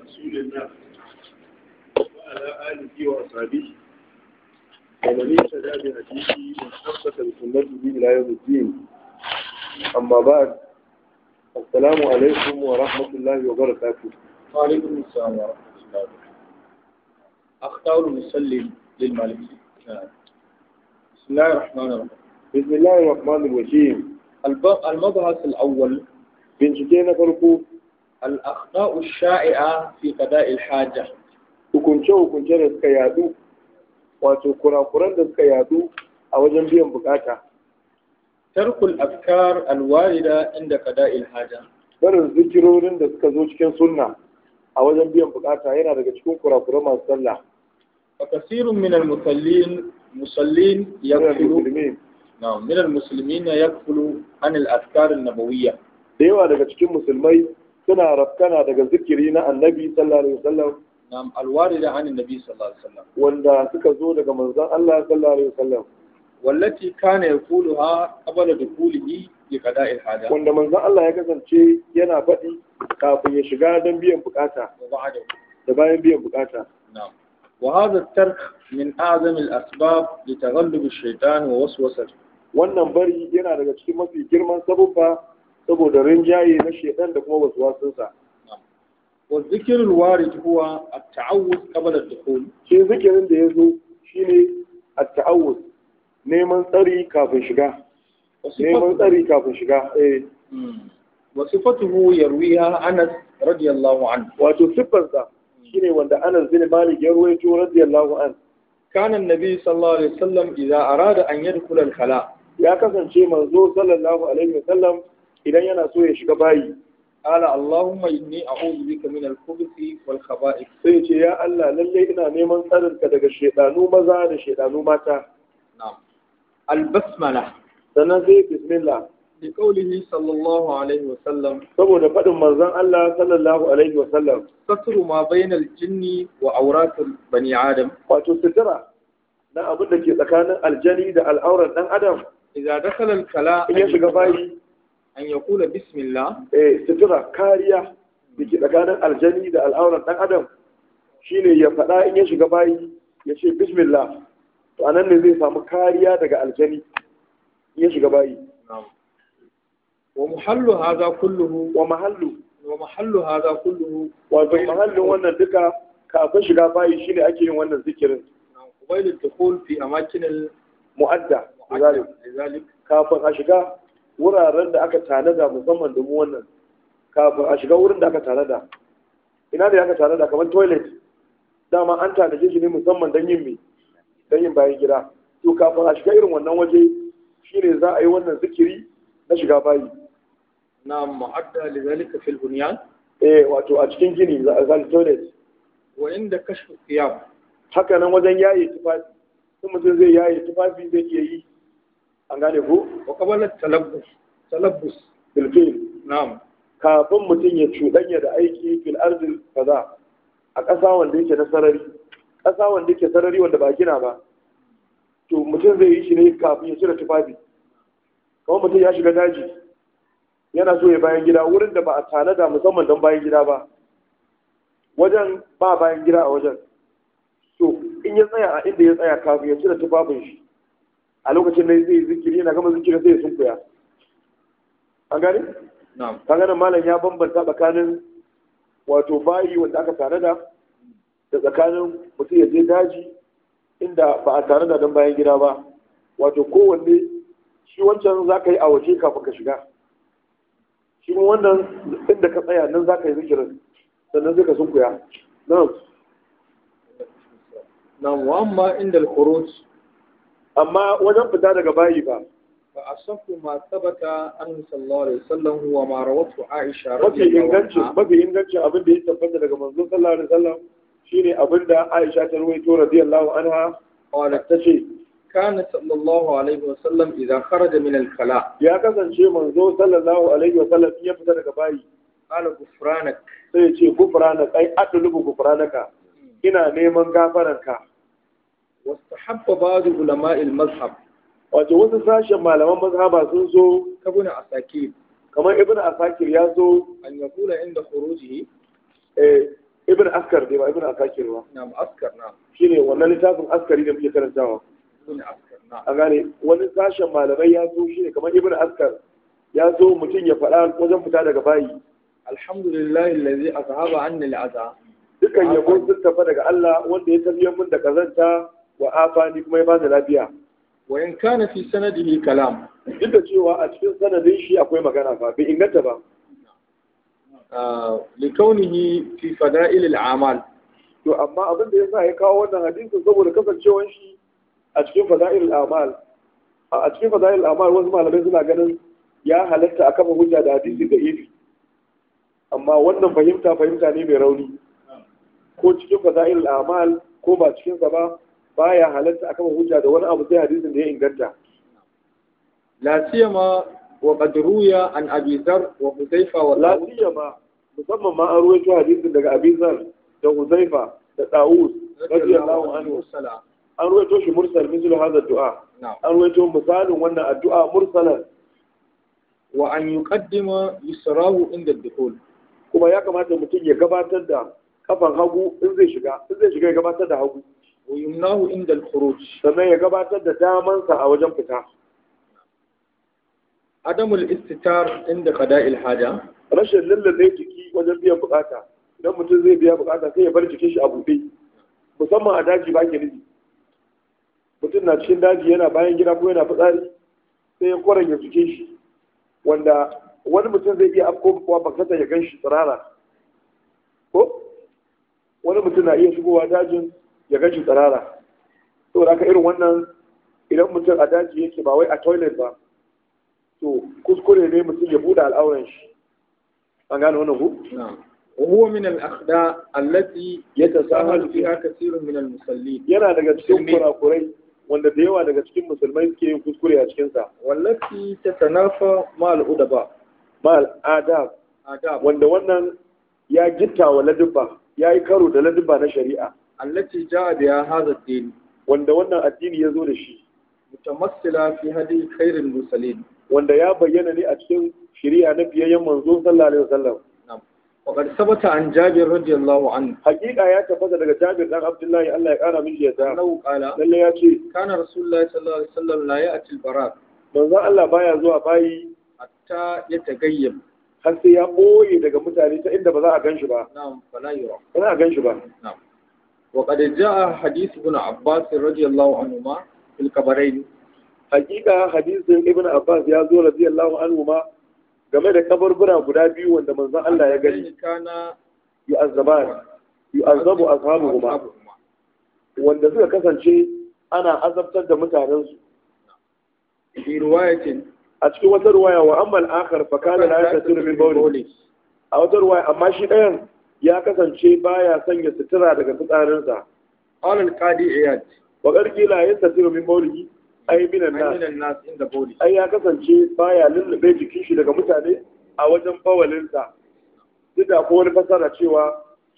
رسول الله وعلى آله وأصحابه ومن اهتدى بهديه واستمسك بسنته إلى يوم الدين أما بعد السلام عليكم ورحمة الله وبركاته وعليكم السلام ورحمة الله وبركاته أختار المسلم للمالك بسم الله الرحمن الرحيم بسم الله الرحمن الرحيم المبحث الأول بنشتين فرقوب al'akhda'u sha'i'a fi qada'il haja hukunce hukunce da suka yadu wato kurakuran da suka yadu a wajen biyan bukata tarkul afkar alwarida inda qada'il ilhaja. barin zikirorin da suka zo cikin sunna a wajen biyan bukata yana daga cikin kurakuran masu sallah فكثير من المصلين مصلين يغفلون نعم من المسلمين يغفل عن الاذكار النبويه da yawa daga cikin musulmai suna rafkana daga zikiri na annabi sallallahu alaihi wasallam nam da an annabi sallallahu alaihi wasallam wanda suka zo daga manzon Allah sallallahu alaihi wasallam wallati kana yaquluha qabla dukulihi bi qada'i haja wanda manzon Allah ya kasance yana faɗi kafin ya shiga don biyan bukata da bayan biyan bukata na'am wa hadha tark min azam al-asbab li taghallub ash-shaytan wa waswasatihi wannan bari yana daga cikin mafi girman sabubba saboda rinjaye na shedan da kuma wasu waswasinsa wa zikirin warid huwa at-ta'awuz qabla ad-dukhul shi zikirin da ya yazo shine at-ta'awuz neman tsari kafin shiga neman tsari kafin shiga eh hmm. wa sifatuhu yarwiha Anas radiyallahu anhu wato sifarsa shine wanda Anas bin Malik ya ruwaito radiyallahu anhu kana annabi sallallahu alaihi wasallam idza arada an yadkhula al-khala ya kasance manzo sallallahu alaihi wasallam idan yana so ya shiga bayi ala allahumma inni a'udhu bika min al-khubuthi wal khaba'ith sai ce ya Allah lalle ina neman tsarin ka daga shedanu maza da shedanu mata na'am al-basmala sannan sai bismillah li qawlihi sallallahu alaihi wa sallam saboda fadin manzon Allah sallallahu alaihi wa sallam satru ma bainal jinni wa awratil bani adam wato sitira na abin da ke tsakanin aljani da al'auran dan adam idan dakhala al-kala ya shiga bayi an ya kula bismillah eh sutura kariya da ke tsakanin aljani da al'auran dan adam shine ya faɗa in ya shiga bayi ya ce bismillah to anan ne zai samu kariya daga aljani in ya shiga bayi wa muhallu hadha kulluhu wa muhallu. wa muhallu hadha kulluhu wa mahallin wannan duka kafin shiga bayi shine ake yin wannan zikirin qabail ad-dukhul fi amakin al-mu'adda kafin a shiga wuraren da aka tanada musamman domin wannan kafin a shiga wurin da aka tanada ina da aka tanada kamar toilet dama an tanaje shi ne musamman don yin me don yin bayan gida to kafin a shiga irin wannan waje shine za a yi wannan zikiri na shiga bayi na ma'adda lizalika fil bunyan eh wato a cikin gini za a zali toilet wa inda kashfu qiyam haka nan wajen yayi tufafi sun mutum zai yayi tufafi zai iya yi an gane ko wa kabala talabbus talabbus bil fi'l na'am kafin mutum ya cuɗanya da aiki fil ardil kaza a ƙasa wanda yake na sarari ƙasa wanda yake sarari wanda ba gina ba to mutum zai yi shi ne kafin ya cire tufafi kamar mutum ya shiga daji yana so ya bayan gida wurin da ba a tanada musamman don bayan gida ba wajen ba bayan gida a wajen to in ya tsaya a inda ya tsaya kafin ya cire tufafin shi a lokacin da zai zikiri yana gama zikiri sai ya sunkuya an gani? ka ganin malam ya bambanta tsakanin wato bayi wanda aka tare da da tsakanin mutum ya je daji inda ba a tare da don bayan gida ba wato kowanne shi wancan za ka yi a waje kafin ka shiga shi kuma wannan inda ka tsaya nan za ka yi zikirin sannan zai ka sunkuya nan na wa amma inda al-khuruj amma wajen fita daga bayi ba fa asafu ma sabata annabi sallallahu alaihi wasallam wa ma rawatu aisha radiyallahu anha mafi inganci abin da ya tabbata daga manzon sallallahu alaihi wasallam shine abin da aisha ta ruwaito radiyallahu anha qalat tace kana sallallahu alaihi wasallam idza kharaja min al-khala ya kasance manzo sallallahu alaihi wasallam ya fita daga bayi qala gufranak sai ya ce gufranak ai atlubu gufranaka ina neman gafaranka واستحب بعض علماء المذهب wato wasu sashen malaman mazhaba sun zo kabun asakir kamar ibn asakir ya zo an ya kula inda khurujihi eh ibn askar ne ba ibn asakir ba na'am askar na shine wannan littafin askari da muke karantawa ibn askar na a gane wani sashen malamai ya zo shine kamar ibn askar ya zo mutum ya faɗa wajen fita daga bayi alhamdulillahi allazi azhaba anni al'aza Dukkan yabo sun tafi daga Allah wanda ya tafiye min da kazanta wa afani kuma ya bani lafiya wa in kana fi sanadihi kalam duk da cewa a cikin sanadin shi akwai magana fa bai inganta ba ah, kaunihi fi fada'il al'amal to amma abin da yasa ya kawo wannan hadisi saboda kasancewar shi a cikin fada'il al'amal a cikin fada'il al'amal wasu malamai suna ganin ya halatta a hujja da hadisi da iri amma wannan fahimta fahimta ne mai rauni ah. ko cikin fada'il al'amal ko ba cikin sa ba baya halatta akan hujja da wani abu sai hadisin da ya inganta la siyama wa qad ruya an abi dhar wa huzaifa wa la siyama musamman ma an ruwaito hadisin daga abi dhar da huzaifa da daud radiyallahu anhu an ruwaito shi mursal mislu hadha du'a an ruwaito misalin wannan addu'a mursalan wa an yuqaddima yusrahu inda dukhul kuma ya kamata mutum ya gabatar da kafan hagu in zai shiga in zai shiga ya gabatar da hagu wa عند inda فما sannan ya gabatar da damansa a wajen fita adamul istitar inda qada'il haja rashin lallabe jiki wajen biyan bukata idan mutum zai biya bukata sai ya bar باكي a buɗe musamman a daji ba mutum na cikin daji yana bayan gida ko yana fitsari sai ya koren ya jikin shi wanda wani mutum zai iya afko kuwa bakata ya gan shi tsirara ko wani mutum na iya shigowa dajin ya gan shi tsirara to da irin wannan idan mutum a daji yake ba wai a toilet ba to kuskure ne mutum ya buɗe al'auran shi an gane wannan ku وهو من الأخداع التي يتساهل فيها كثير من yana daga cikin kurakurai wanda da yawa daga cikin musulmai suke yin kuskure a cikin sa wallati tatanafa ma'al udaba ma'al adab wanda wannan ya gitta wa ladubba ya yi karo da ladubba na shari'a التي جاء بها هذا الدين وندا wannan addini yazo da shi mutamassila fi hadi khairul musallin wanda ya bayyana ne a cikin shari'a na biyayyen manzo sallallahu alaihi wasallam na'am wa qad sabata an an haqiqa ya tafasa daga jabir dan abdullahi Allah ya kara miji ya ta qala lalle ya ce kana rasulullahi sallallahu alaihi wasallam la ya'til barak manzo Allah baya zuwa bayi hatta ya tagayyam har sai ya boye daga mutane ta inda ba za a gan shi ba ba za a gan shi ba وقد جاء حديث ابن عباس رضي الله عنهما في القبرين حقيقة حديث ابن عباس يا زول رضي الله عنهما game da kabarbura guda biyu wanda manzon Allah ya gani kana yu'azzaban yu'azzabu ashabuhuma wanda suka kasance ana azabtar da mutanen su fi riwayatin a cikin wata ruwaya wa ammal akhar fa kana la yatasiru min bawli a wata ruwaya amma shi ɗayan ya kasance baya sanya sutura daga fitsarinsa alal qadi iyad wa qarqila yastatiru min bawlihi ay min an-nas inda bawli ai ya kasance baya lullube jikin shi daga mutane a wajen bawalinsa duk da ko wani fasara cewa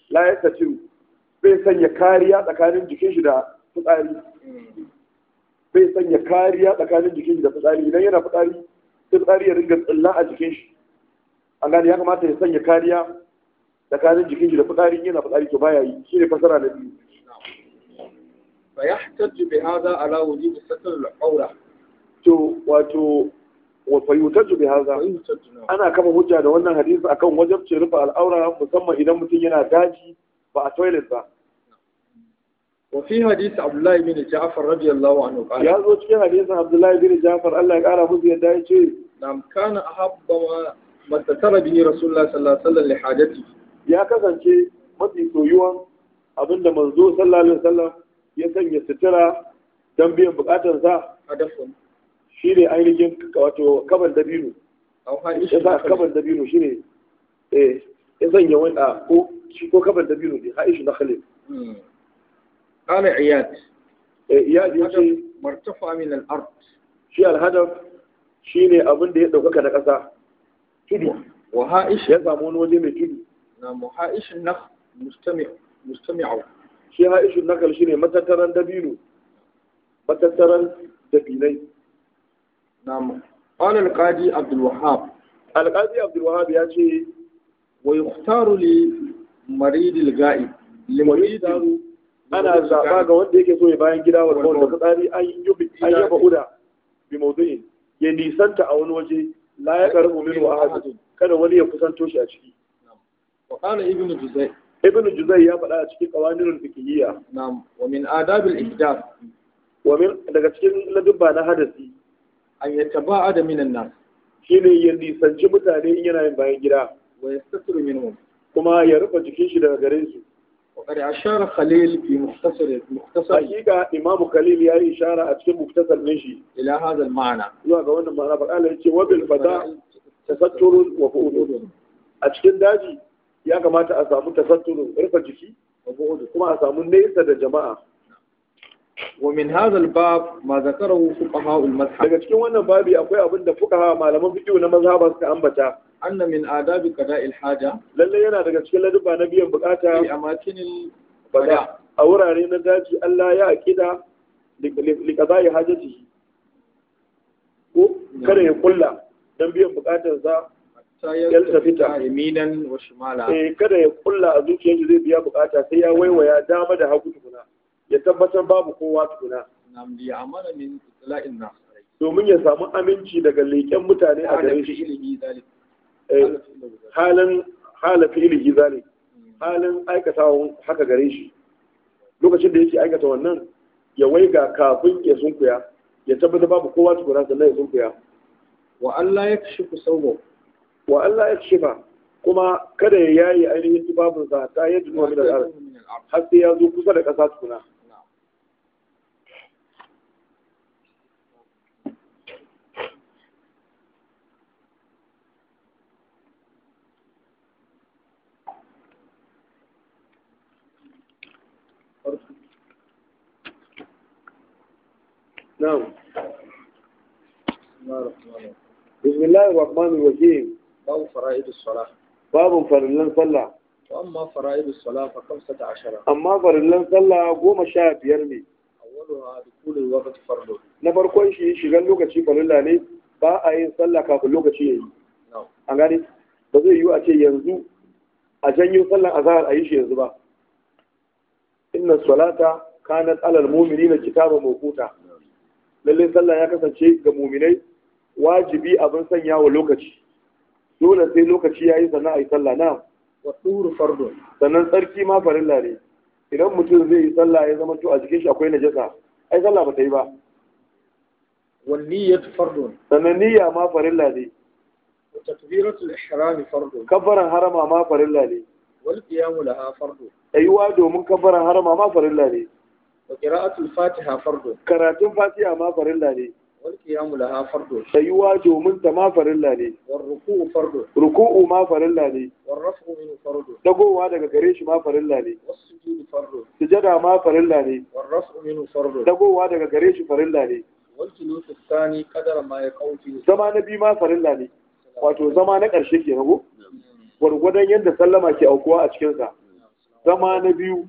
la yastatiru bai sanya kariya tsakanin jikin shi da fitsari bai sanya kariya tsakanin jikin shi da fitsari idan yana fitsari sai fitsari ya ringa tsilla a jikin shi an gane ya kamata ya sanya kariya tsakanin jikin shi da fitsarin yana fitsari to baya yi shine fasara na biyu fa bi hadha ala wujub satr al-awra to wato wa fa bi hadha ana kama hujja da wannan hadisi akan wajabci rufe al'aura musamman idan mutum yana daji ba a toilet ba وفي حديث عبد الله بن جعفر رضي الله عنه قال يا زوج كان حديث عبد الله بن جعفر الله يقرا مزي يدا نعم كان احب ما ما به رسول الله صلى الله عليه وسلم لحاجته ya kasance mafi soyuwan abinda manzo sallallahu sallam, ya sanya sutura don biyan bukatansa shi ne ainihin wato kaban dabino ya sa kaban dabino shi ne eh, ya sanya wani a ah, ko shi ko kaban dabino ne haishu na khalil hmm. ala iyad eh, iyad ya ce martafa min al-ard shi al-hadaf shine abin da ya ɗaukaka na ƙasa tudu wa haishu ya samu wani waje mai tudu namu haishin na mustami'au shi haishin na shi ne matattaran dabino matattaran dabinai na قال القاضي عبد الوهاب القاضي عبد الوهاب Wai kutaru ويختار لي ga'i الغائب ana zaɓa ga wanda yake so ya bayan gida wa kawai da tsari an yi yaba uda bi mawdu'in ya nisanta a wani waje la ya karbu min wa ahadin kada wani ya kusanto shi a ciki Wakana Ibn Juzai. ya faɗa a cikin ƙawanin fikiyya. ومن wa daga cikin ladubba na hadasi. An yattaba'a da nan. Shi ne ya nisanci mutane in yana yin bayan gida. Wa yastasiru Kuma ya rufe jikin shi daga gare su. وقد أشار خليل في مختصر مختصر حقيقة إمام خليل يا إشارة أتكلم مختصر نجي إلى هذا المعنى لا قولنا ما أنا بقى وبالفتاة تستر وفؤول cikin داجي ya kamata a samu tafatturin rufe jiki kuma a samu nesa da jama'a ومن هذا الباب ما ذكره فقهاء المذهب daga cikin wannan babi akwai abin da fuqaha malaman fiqh na mazhaba suka ambata anna min adabi qada'il haja lalle yana daga cikin ladaba na biyan bukata fi amakinil bada a wurare na daji Allah ya akida li qada'i hajati ko kada ya kulla dan biyan bukatar za yaltafita yaminan wa shimala eh kada ya kulla a zuciyar zai biya bukata sai ya waiwaya dama da hagu tukuna ya tabbatar babu kowa tukuna nam li amana min itla'in nas domin ya samu aminci daga leƙen mutane a gare shi eh, halin hala fi'ilihi zalik halin hmm. aikata haka gare shi lokacin da yake aikata wannan ya waiga kafin ya sunkuya ya tabbatar babu kowa tukuna sannan ya sunkuya wa Allah ya kashi ku sauwa wa Allah ya ce ba kuma kada ya yayi ainihin tubabinsa ta yi nuna min al'ar har sai ya zo kusa da ƙasa tukuna نعم بسم الله الرحمن الرحيم babu fara'idus salah babu farillan sallah wa amma fara'idus salah fa kamsata ashara amma farillan sallah goma sha biyar ne na farkon shi shigan lokaci farilla ne ba a yin sallah kafin lokaci yayi an gane ba zai yiwu a ce yanzu a janyo sallan azhar a yi shi yanzu ba inna salata kanat alal mu'minina kitaban mawquta lalle sallah ya kasance ga mu'minai wajibi abin sanya wa lokaci dole sai lokaci ya yi sannan yi sallah na wa tsuru sannan tsarki ma farilla ne idan mutum zai yi sallah ya zama to a jikin shi akwai najasa ai sallah ba ta yi ba wal niyyatu fardun sannan niyya ma farilla ne wa takbiratul ihram fardun kabbaran harama ma farilla ne wal qiyamu laha fardun aiwa domin kabbaran harama ma farilla ne wa qira'atul fatiha fardun karatun fatiha ma farilla ne wal qiyamu laha domin ta ma ruku'u ruku'u ma daga gare shi ma farilla ne farilla ne min daga gare shi farilla ne kadar ma ya zama na bi ma farilla ne wato zama na ƙarshe ke rago gwargwadon yadda sallama ke aukuwa a cikinsa zama na biyu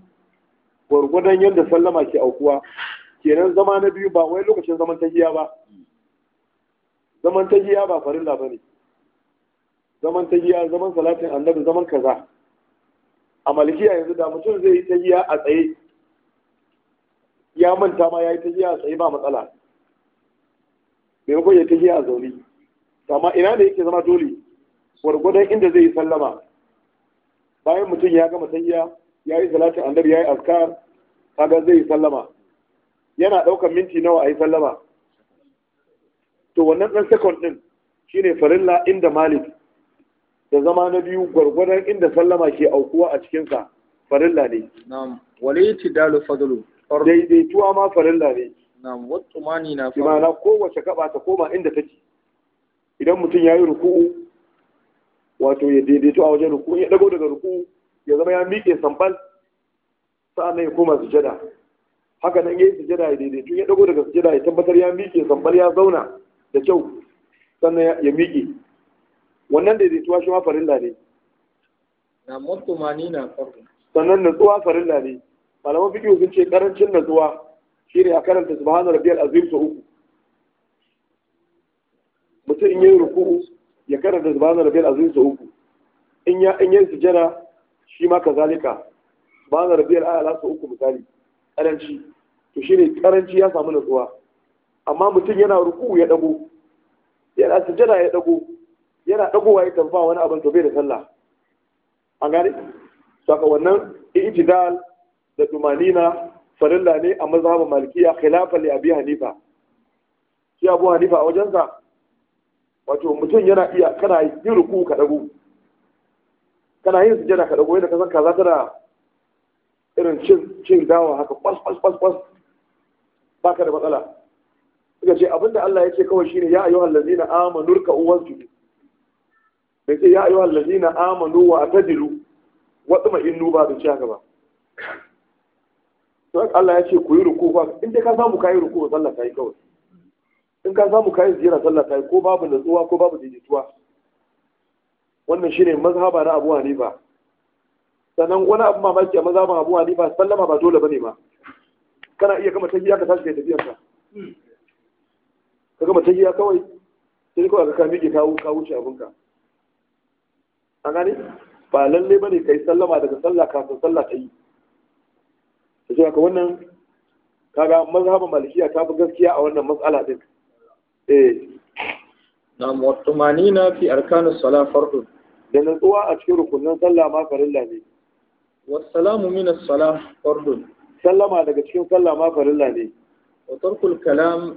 gwargwadon yadda sallama ke aukuwa kenan zama na biyu ba wai lokacin zaman tahiya ba zaman ta giya ba farilla ba ne zaman ta giya zaman salatin annabi zaman kaza a malikiya yanzu da mutum zai yi ta giya a tsaye ya manta ma ya yi ta giya a tsaye ba matsala maimakon ya ta giya a zaune amma ina da yake zama dole gwargwadon inda zai yi sallama bayan mutum ya gama ta jiya ya yi salatin annabi ya yi azkar kaga zai yi sallama yana ɗaukar minti nawa a yi sallama to wannan ɗan second ɗin shine farilla inda malik da zama na biyu gwargwadon inda sallama ke aukuwa a cikinsa farilla ne na'am walaiti dalu fadlu daidaituwa ma farilla ne na'am wattu mani na farilla imana kowace kaba ta koma inda take idan mutum ya yi ruku'u wato ya daidaito a wajen ruku'u ya dago daga ruku'u ya zama ya miƙe sambal sa'an ya koma sujada haka nan ya yi sujada ya daidaito ya dago daga sujada ya tabbatar ya miƙe sambal ya zauna da kyau sannan ya miƙe wannan daidaituwa shi ma farilla ne na mutumani na farko sannan natsuwa farilla ne malaman fiƙi sun ce karancin natsuwa ne a karanta subhana biyar a zuwa uku mutum in yi ruku'u ya karanta subhana biyar a sau uku in ya in yi sujjada shi ma kazalika subhana biyar a sau uku misali karanci to shi ne karanci ya samu natsuwa amma mutum yana ruku ya dago yana sujada ya dago yana dagowa ya tafi wani abin to bai da sallah an gane saka wannan ijidal da tumanina farilla ne a mazhabin malikiya khilafa li abi hanifa shi abu hanifa a wajensa wato mutum yana iya kana yin ruku ka dago kana yin sujada ka dago yadda ka san kaza tana irin cin dawa haka kwas kwas kwas kwas baka da matsala suka ce abinda Allah ya ce kawai shine ya ayyuhal ladzina amanu ruk'u wasjudu bai ce ya ayyuhal ladzina amanu wa atadilu wa tma'innu ba da haka ba to Allah ya ce ku yi ruku ba in dai ka samu kai ruku sallah kai kawai in ka samu kai ziyara sallah kai ko babu natsuwa ko babu jijituwa wannan shine mazhaba na Abu Hanifa sannan wani abu mamaki a mazhaban Abu Hanifa sallama ba dole bane ma kana iya kama tafiya ka tashi kai tafiyarka ka gama tahiya kawai sai kawai ka miƙe kawo kawo shi abinka an gane ba lalle bane kai sallama daga sallah kafin sallah ta yi ta ce ka wannan kaga mazhaban malikiya ta fi gaskiya a wannan matsala din eh na mutumani na fi arkanu sala fardu da natsuwa a cikin rukunin sallah ma farilla ne wassalamu min as-salah fardu sallama daga cikin sallah ma farilla ne wa tarkul kalam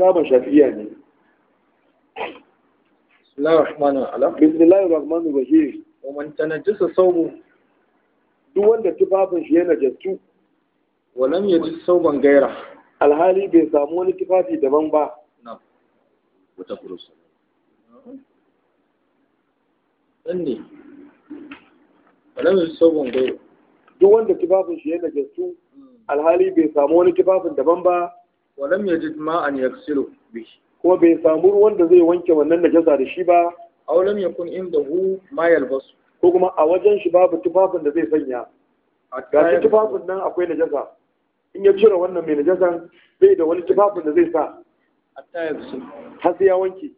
mazhaban shafiya ne bismillahir rahmanir rahim wa man tanajjasa sawbu duk wanda tufafin shi ya najassu wa lam yajid sawban gaira alhali bai samu wani tufafi daban ba na wata kurusa dan ne wa lam yajid sawban gaira duk wanda tufafin shi ya najassu hmm. alhali bai samu wani tufafin daban ba walam yajid ma'an yaksilu bihi kuma bai samu ruwan da zai wanke wannan najasa da shi ba aw lam yakun indahu ma yalbasu ko kuma a wajen shi babu tufafin da zai sanya ga shi tufafin nan akwai najasa in ya cire wannan mai najasan bai da wani tufafin da zai sa har sai ya wanke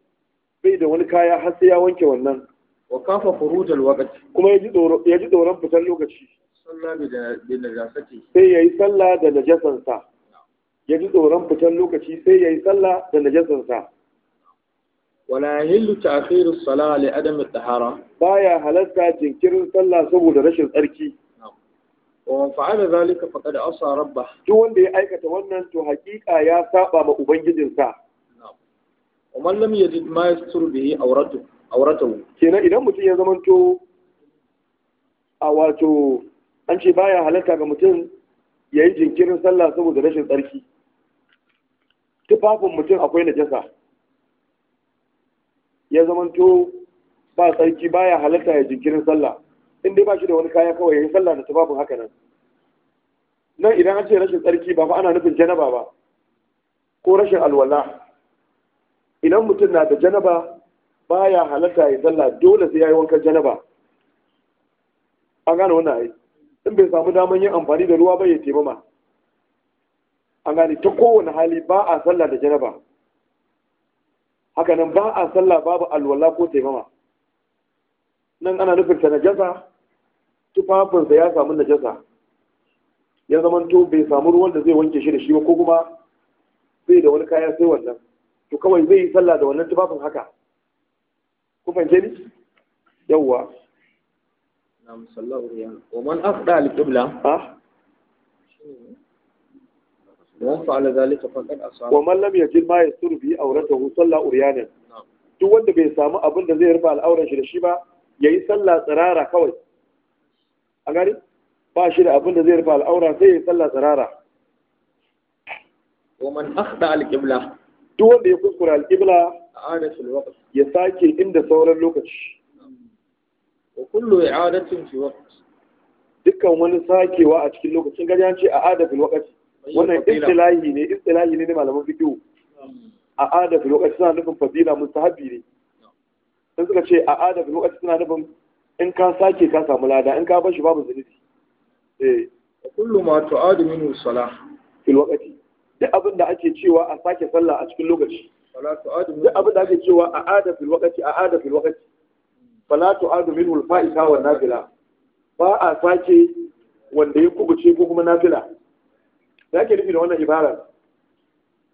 bai da wani kaya har ya wanke wannan wa kafa furujal waqti kuma ya ji tsoron fitar lokaci sallah da najasati sai yayi sallah da najasansa ya ji tsoron fitar lokaci sai ya yi sallah da najasarsa wala yahillu ta'khiru as-salah li adam at Ba ya halatta jinkirin sallah saboda rashin tsarki wa man fa'ala zalika faqad asa rabbah duk wanda ya aikata wannan to hakika ya saba ma ubangijinsa wa man lam yajid ma yasturu bihi awratuhu auratahu kenan idan mutum ya zamanto a wato an ce baya halatta ga mutum ya yi jinkirin sallah saboda rashin tsarki tufafin mutum akwai najasa ya zamanto ba tsarki ba ya halatta ya jinkirin sallah in ba shi da wani kaya kawai ya yi sallah da tufafin haka nan nan idan an ce rashin tsarki ba fa ana nufin janaba ba ko rashin alwala idan mutum na da janaba ba ya halatta ya sallah dole sai ya yi wankan janaba an gane wannan ai in bai samu daman yin amfani da ruwa ba ya taimama an gane ta kowane hali ba a sallah da janaba hakanan ba a sallah babu alwala ko taimama nan ana nufin ta najasa tufafinsa ya samu najasa ya zamanto bai samu ruwan da zai wanke shi da shi ba ko kuma zai da wani kaya sai wannan to kawai zai yi sallah da wannan tufafin haka ku fahimce ni yawwa na musallahu riyan wa man afda al-qibla ah man fa'ala zalika faqad asaba wa man lam yajid ma yasturu bi auratahu salla duk wanda bai samu abin da zai rufe al'auran shi da shi ba ya yi sallah tsirara kawai a gani ba shi da abin da zai rufe al'aura sai yi sallah tsirara wa man akhda al-qibla duk wanda ya kuskura al-qibla a'ada fil ya sake inda sauran lokaci wa kullu i'adatin fi waqt dukkan wani sakewa a cikin lokacin gajiyanci a ce a'ada wannan istilahi ne istilahi ne malaman fiqh a adab lokaci suna nufin fadila mustahabi ne sun suka ce a adab lokaci suna nufin in ka sake ka samu lada in ka bashi babu zunubi eh kullu ma tu'adu minhu salah fil waqti duk abin da ake cewa a sake sallah a cikin lokaci duk abin da ake cewa a adab lokaci waqti a adab lokaci waqti fala tu'adu minhu al fa'ita wa nafila ba a sake wanda ya kubuce ko kuma nafila da ake nufi da wannan ibara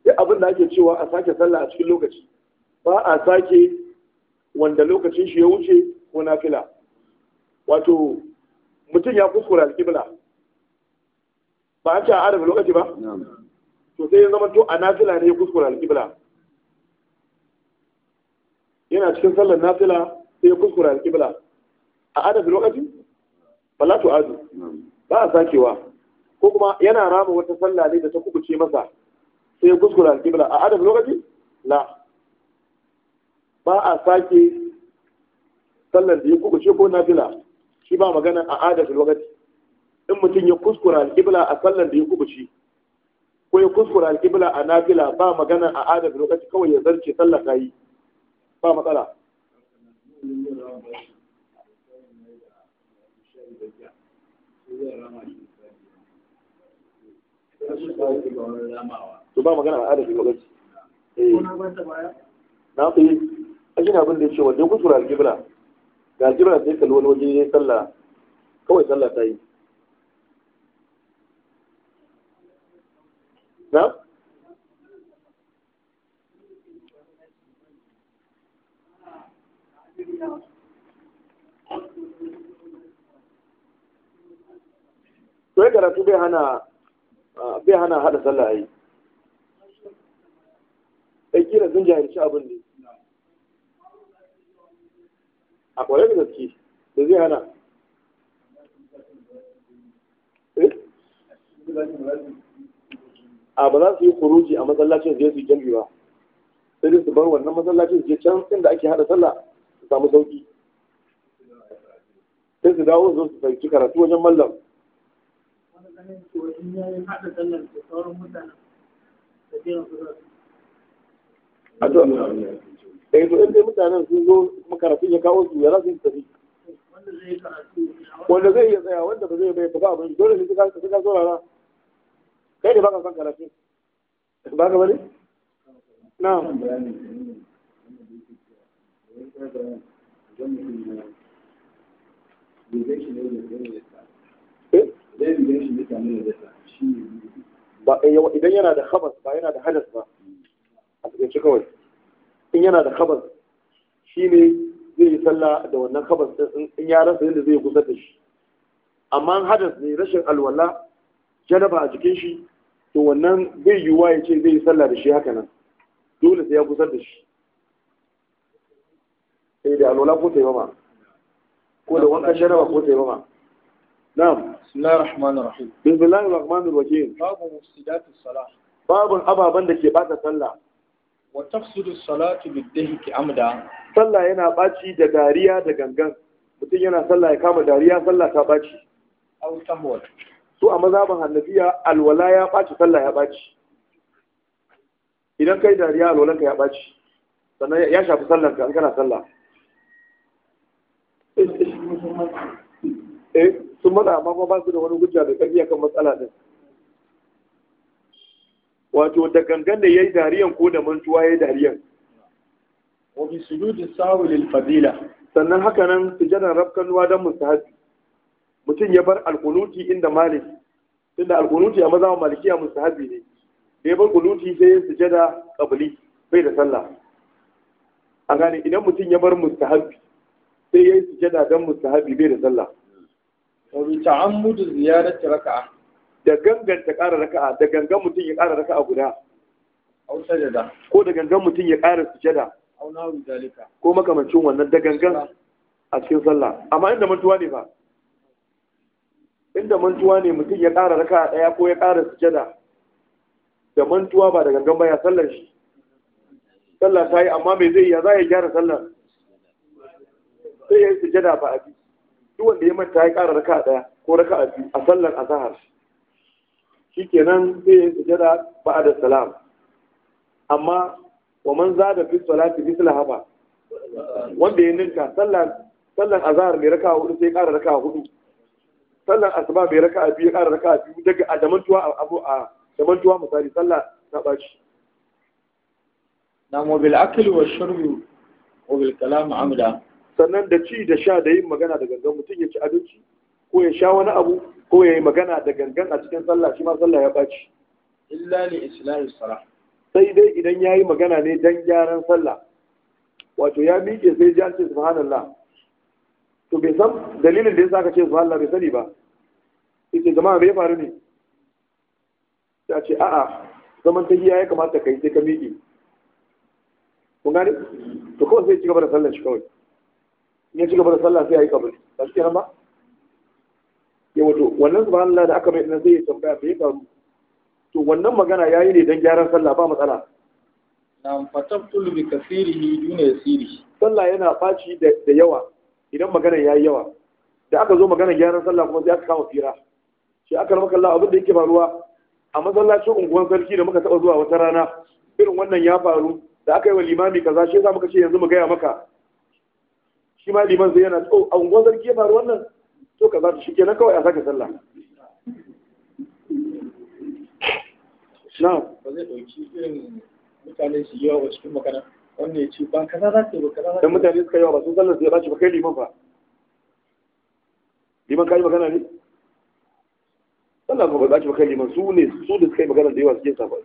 duk abin da ake cewa a sake sallah a cikin lokaci ba a sake wanda lokacin shi ya wuce ko na fila wato mutum ya kuskura alƙibla ba a ce a arafa lokaci ba to sai ya zama to a nafila ne ya kuskura alƙibla yana cikin sallar nafila sai ya kuskura alƙibla a arafa lokaci ba la tu'adu ba a sakewa ko kuma yana rama wata sallah ne da ta kubuce masa sai kuskura alƙibla a adam lokaci la ba a sake sallar da ya kubuce ko nafila shi ba magana a adam lokaci in mutum ya kuskura alƙibla a sallar da ya kubuce ko ya kuskura alƙibla a nafila ba magana a adam lokaci kawai ya zarce sallar ta yi ba matsala Yeah, to ba magana a adabi ba eh. na fi ashin abin da ya ce wanda ya kusura aljibra ga aljibra sai kalli wani waje ya sallah kawai sallah ta yi na to ya karatu bai hana ana haɗa sallah a yi ƙira sun jahilci abin ne a kwaye da gaske da zai hana eh? a ba za su yi kuruji a masallacin su yi jam'i ba sai dai su bar wannan masallacin su je can inda ake haɗa sallah su samu sauƙi sai su dawo su sauki karatu wajen mallam a to eh to in mutanen sun zo makarafin ya kawo su ya za su yi tafi wanda zai iya tsaya wanda ba zai bai ba abin dole ne ka ka saurara kai ne baka son karatu baka bane na'am Thank you. ba eh, idan yana da khabas ba yana da hadas ba a cikin kawai in yana da shi ne zai yi sallah da wannan khabas din in ya rasa yadda zai kusa da shi amma hadas ne rashin alwala jaraba a jikin shi to wannan zai yiwuwa ya ce zai yi sallah da shi haka nan dole sai ya kusa da shi sai eh, da alwala ko taimama ko da wanka jaraba ko taimama na'am بسم الله الرحمن الرحيم بسم الله الرحمن الرحيم باب مفسدات الصلاة باب أبا بند كي صلاة وتفسد الصلاة بالضحك عمدا صلاة ينا باتشي داريا دغنغن mutum yana sallah ya kama dariya sallah ta ɓaci. Su a mazhaban Hannafiya alwala ya ɓaci sallah ya ɓaci. Idan kai dariya ya Sannan ya shafi sallar ka in kana sallah. Eh? sun mana amma kuma ba su da wani hujja da ƙarfi akan matsala din wato da gangan da yayi dariyan ko da mantuwa yayi dariyan wa bi sujudi sawi lil fadila sannan haka nan sujadan rafkanuwa dan mustahabi mutum ya bar alqunuti inda malik tunda alqunuti a mazhabin malikiya mustahabi ne da ya bar qunuti sai sujada qabli bai da sallah a gane idan mutum ya bar mustahabi sai yayi sujada dan mustahabi bai da sallah wa bi ta'ammudu ziyarati raka'a da ganganta ƙara raka'a da gangan mutum ya ƙara raka'a guda au sajada ko da gangan mutum ya ƙara sujada au nahu zalika ko makamancin wannan da gangan a cikin sallah amma inda mantuwa ne ba inda mantuwa ne mutum ya ƙara raka'a ɗaya ko ya ƙara sujada da mantuwa ba da gangan ba ya sallar shi sallah ta yi amma mai zai yi ya za ya gyara sallar sai ya yi sujada ba a bi duk wanda ya manta ya ƙara raka ɗaya ko raka a biyu a sallar azahar nan zai yi sujada ba da salam amma wa man da fi salati misla haba wanda ya ninka sallar sallar azahar mai raka hudu sai ƙara raka hudu sallar asuba mai raka a biyu ya ƙara raka biyu daga a damantuwa a abu a damantuwa misali sallah ta ɓaci na mobil akali wa shirbi mobil kalam amda sannan da ci da sha da yin magana da gangan mutum ya ci abinci ko ya sha wani abu ko ya yi magana da gangan a cikin sallah shi ma sallah ya ɓaci illa ni islahi sara. sai dai idan ya yi magana ne dan gyaran sallah wato ya miƙe sai ji an ce subhanallah to bai san dalilin da ya sa ka ce subhanallah bai sani ba Ita jama'a bai faru ne sai a ce a'a zaman ta ya kamata ka yi sai ka miƙe kun gane to kawai sai ci gaba da sallar shi kawai ya ci gaba da sallah sai ya yi kabari ba su kenan ba ya wato wannan su subhanallah da aka mai nan zai tambaya me ya faru to wannan magana ya yi ne don gyaran sallah ba matsala na fatabtul bi kasirihi duna yasiri sallah yana faci da yawa idan magana ya yi yawa da aka zo magana gyaran sallah kuma sai aka kama fira shi aka rama kallon abin da yake faruwa a masallacin unguwan sarki da muka taɓa zuwa wata rana irin wannan ya faru da aka yi wa limami kaza shi yasa muka ce yanzu mu gaya maka shi ma liman zai yana to a unguwar sarki ya faru wannan to ka za shi kenan kawai a sake sallah na ba zai ɗauki irin mutane su yawa a cikin makana wannan ya ce ba kaza za yi ba kaza za yi mutane suka yawa ba sun sallar su ya ba kai liman ba liman kai magana ne sallah ba ba ɓaci ba kai liman su ne su da suka yi magana da yawa suke sa ba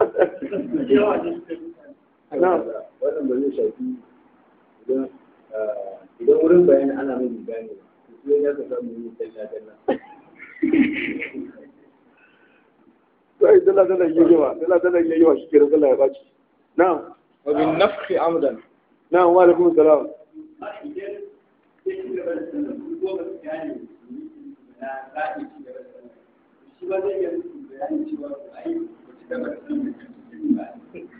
wannan zai shafi eh, idan wurin bayani ana mai gane ba ya ka samu yin dalla dalla sai dalla dalla yayi yawa dalla dalla yayi yawa shike ya baci na'am wa bin nafhi amdan na'am wa alaikum salam yi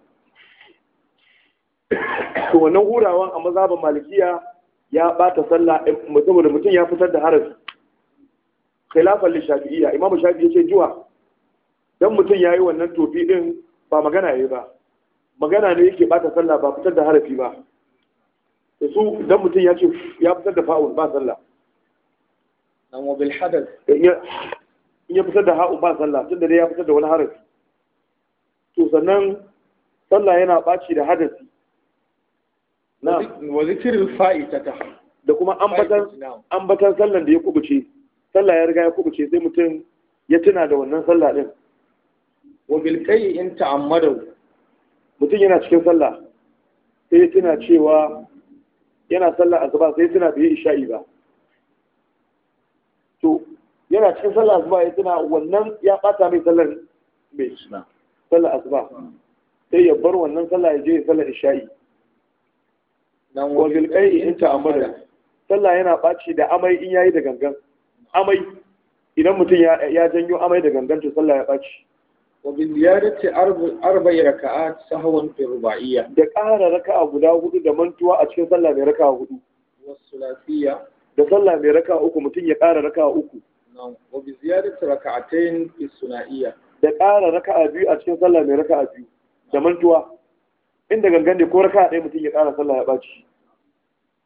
to wannan hurawan a mazhaban malikiya ya bata sallah eh, saboda mutum ya fitar da harafi khilafan lishafi'iyya imamu shafi'i yace juwa dan mutum yayi wannan tofi din ba magana yayi ba magana ne yake bata sallah ba fitar da harafi ba to su dan mutum ya ya fitar da fa'ul ba sallah dan wa bil hadath eh, in ya fitar da ha'u ba sallah tunda dai ya fitar da wani harafi to sannan sallah yana baci da hadasi wa zikirin fa'itata da kuma ambatan sallan da ya kubuce sallah ya riga ya kubuce sai mutum ya tuna da wannan sallah din wa bil kai in ta'ammadu mutum yana cikin sallah sai ya tuna cewa yana sallah asuba sai ya tuna bai isha'i ba to yana cikin sallah asuba ya tuna wannan ya bata mai sallar mai sallah asuba sai ya bar wannan sallah ya je sallar isha'i wa bil qai'i in ta'ammada sallah yana ɓaci da amai in yayi da gangan amai idan mutum ya janyo amai da gangan to sallah ya ɓaci wa bil ziyadati arba'i raka'at sahwan fi ruba'iyya da ƙara raka'a guda hudu da mantuwa a cikin sallah mai raka a hudu wasu lafiya. da sallah mai raka'a uku mutum ya ƙara raka'a uku ziyarar bi ziyadati raka'atayn fi sunaiya da ƙara raka'a biyu a cikin sallah mai raka a biyu da mantuwa inda gangan ne ko raka ɗaya mutum ya ƙara sallah ya ɓaci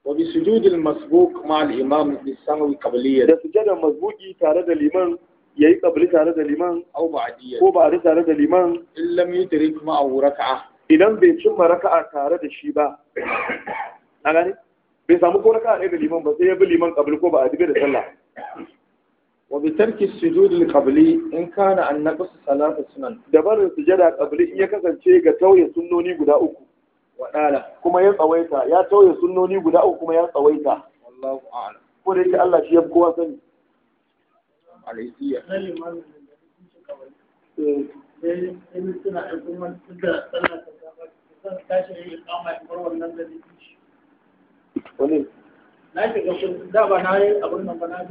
wa bi sujudil masbuq ma al imam bi sahwi qabliyya da sujada masbuqi tare da liman yayi qabli tare da liman aw ba'diyya ko ba'di tare da liman in lam yudrik ma aw raka'a idan bai cimma raka'a tare da shi ba a gani bai samu ko raka'a ɗaya da liman ba sai ya bi liman qabli ko ba'di bai da sallah wa bi tarki sujudil qabli in kana an naqsu salatu sunan da barin sujada qabli in ya kasance ga tauye sunnoni guda uku wadala kuma ya tsawaita ya sunnoni guda uku kuma ya tsawaita wallahu a'lam ko Allah shi ya kowa sani alaysiya eh, wani na da ba nan na